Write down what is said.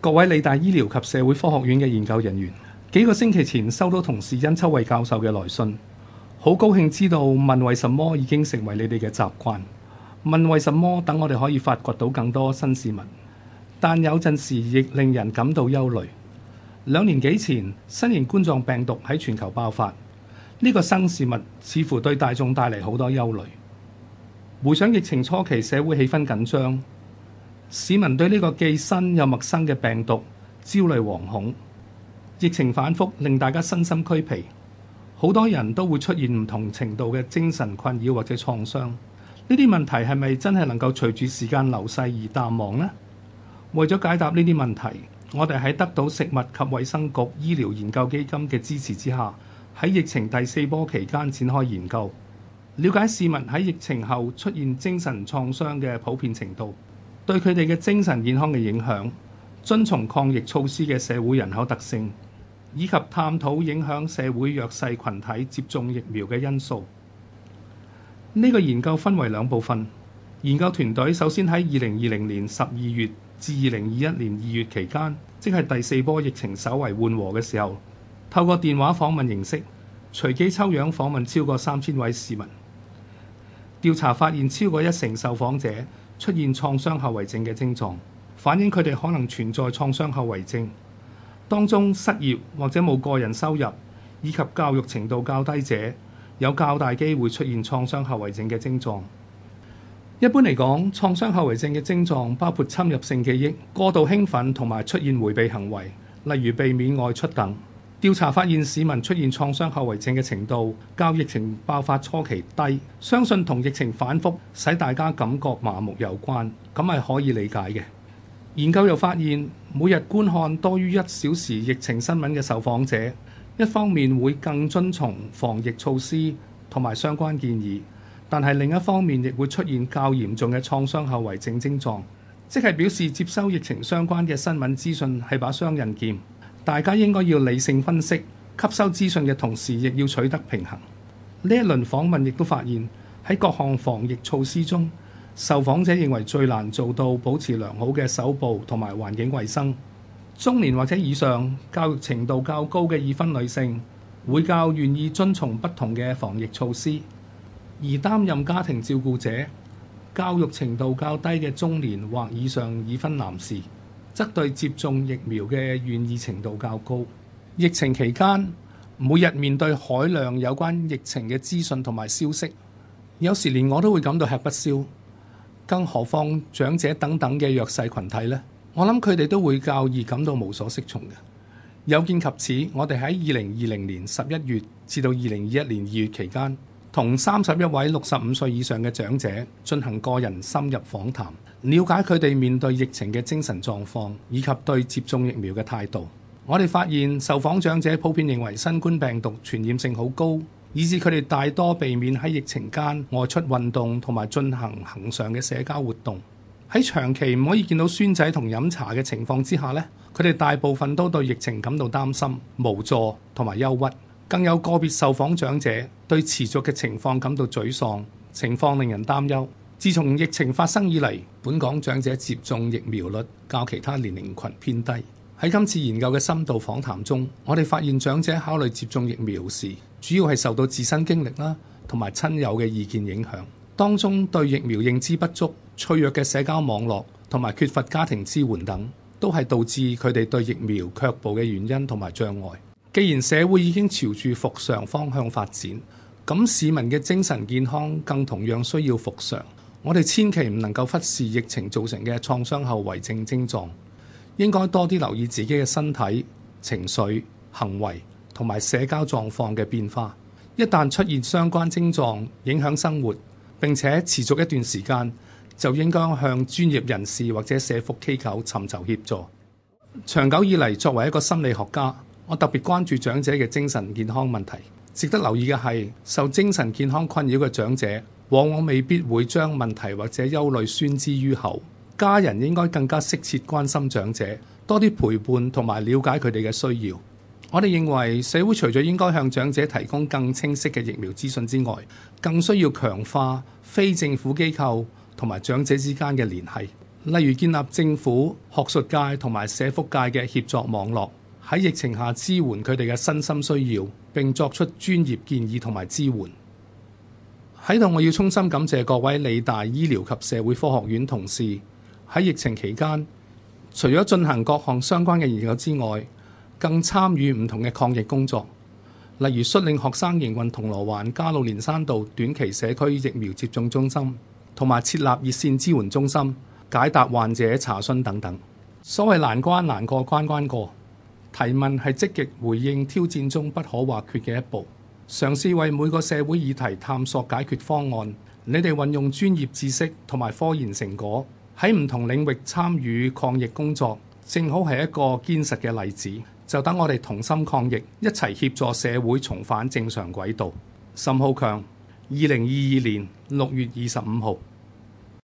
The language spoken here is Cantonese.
各位理大醫療及社會科學院嘅研究人員，幾個星期前收到同事殷秋惠教授嘅來信，好高興知道問為什麼已經成為你哋嘅習慣，問為什麼等我哋可以發掘到更多新事物，但有陣時亦令人感到憂慮。兩年幾前新型冠狀病毒喺全球爆發，呢個新事物似乎對大眾帶嚟好多憂慮。回想疫情初期，社會氣氛緊張。市民對呢個既新又陌生嘅病毒焦慮惶恐，疫情反覆令大家身心俱疲，好多人都會出現唔同程度嘅精神困擾或者創傷。呢啲問題係咪真係能夠隨住時間流逝而淡忘呢？為咗解答呢啲問題，我哋喺得到食物及衛生局醫療研究基金嘅支持之下，喺疫情第四波期間展開研究，了解市民喺疫情後出現精神創傷嘅普遍程度。對佢哋嘅精神健康嘅影響，遵從抗疫措施嘅社會人口特性，以及探討影響社會弱勢群體接種疫苗嘅因素。呢個研究分為兩部分。研究團隊首先喺二零二零年十二月至二零二一年二月期間，即係第四波疫情稍為緩和嘅時候，透過電話訪問形式，隨機抽樣訪問超過三千位市民。調查發現，超過一成受訪者出現創傷後遺症嘅症狀，反映佢哋可能存在創傷後遺症。當中失業或者冇個人收入，以及教育程度較低者，有較大機會出現創傷後遺症嘅症狀。一般嚟講，創傷後遺症嘅症狀包括侵入性記憶、過度興奮同埋出現迴避行為，例如避免外出等。調查發現市民出現創傷後遺症嘅程度較疫情爆發初期低，相信同疫情反覆使大家感覺麻木有關，咁係可以理解嘅。研究又發現，每日觀看多於一小時疫情新聞嘅受訪者，一方面會更遵從防疫措施同埋相關建議，但係另一方面亦會出現較嚴重嘅創傷後遺症症狀，即係表示接收疫情相關嘅新聞資訊係把雙刃劍。大家應該要理性分析，吸收資訊嘅同時，亦要取得平衡。呢一輪訪問亦都發現，喺各項防疫措施中，受訪者認為最難做到保持良好嘅手部同埋環境衛生。中年或者以上、教育程度較高嘅已婚女性，會較願意遵從不同嘅防疫措施；而擔任家庭照顧者、教育程度較低嘅中年或以上已婚男士，則對接種疫苗嘅願意程度較高。疫情期間，每日面對海量有關疫情嘅資訊同埋消息，有時連我都會感到吃不消，更何況長者等等嘅弱勢群體呢？我諗佢哋都會較易感到無所適從嘅。有見及此，我哋喺二零二零年十一月至到二零二一年二月期間，同三十一位六十五歲以上嘅長者進行個人深入訪談，了解佢哋面對疫情嘅精神狀況以及對接種疫苗嘅態度。我哋發現受訪長者普遍認為新冠病毒傳染性好高，以致佢哋大多避免喺疫情間外出運動同埋進行恆常嘅社交活動。喺長期唔可以見到孫仔同飲茶嘅情況之下呢，佢哋大部分都對疫情感到擔心、無助同埋憂鬱。更有個別受訪長者對持續嘅情況感到沮喪，情況令人擔憂。自從疫情發生以嚟，本港長者接種疫苗率較其他年齡群偏低。喺今次研究嘅深度訪談中，我哋發現長者考慮接種疫苗時，主要係受到自身經歷啦，同埋親友嘅意見影響。當中對疫苗認知不足、脆弱嘅社交網絡同埋缺乏家庭支援等，都係導致佢哋對疫苗卻步嘅原因同埋障礙。既然社會已經朝住復常方向發展，咁市民嘅精神健康更同樣需要復常。我哋千祈唔能夠忽視疫情造成嘅創傷後遺症症狀，應該多啲留意自己嘅身體、情緒、行為同埋社交狀況嘅變化。一旦出現相關症狀，影響生活並且持續一段時間，就應該向專業人士或者社福機構尋求協助。長久以嚟，作為一個心理學家，我特別關注長者嘅精神健康問題。值得留意嘅係，受精神健康困擾嘅長者，往往未必會將問題或者憂慮宣之於口。家人應該更加適切關心長者，多啲陪伴同埋了解佢哋嘅需要。我哋認為，社會除咗應該向長者提供更清晰嘅疫苗資訊之外，更需要強化非政府機構同埋長者之間嘅聯繫，例如建立政府、學術界同埋社福界嘅協作網絡。喺疫情下支援佢哋嘅身心需要，並作出專業建議同埋支援。喺度我要衷心感謝各位理大醫療及社會科學院同事喺疫情期間除咗進行各項相關嘅研究之外，更參與唔同嘅抗疫工作，例如率領學生營運銅鑼灣加路連山道短期社區疫苗接種中心，同埋設立熱線支援中心解答患者查詢等等。所謂難關難過關關過。提問係積極回應挑戰中不可或缺嘅一步，嘗試為每個社會議題探索解決方案。你哋運用專業知識同埋科研成果，喺唔同領域參與抗疫工作，正好係一個堅實嘅例子。就等我哋同心抗疫，一齊協助社會重返正常軌道。岑浩強，二零二二年六月二十五號。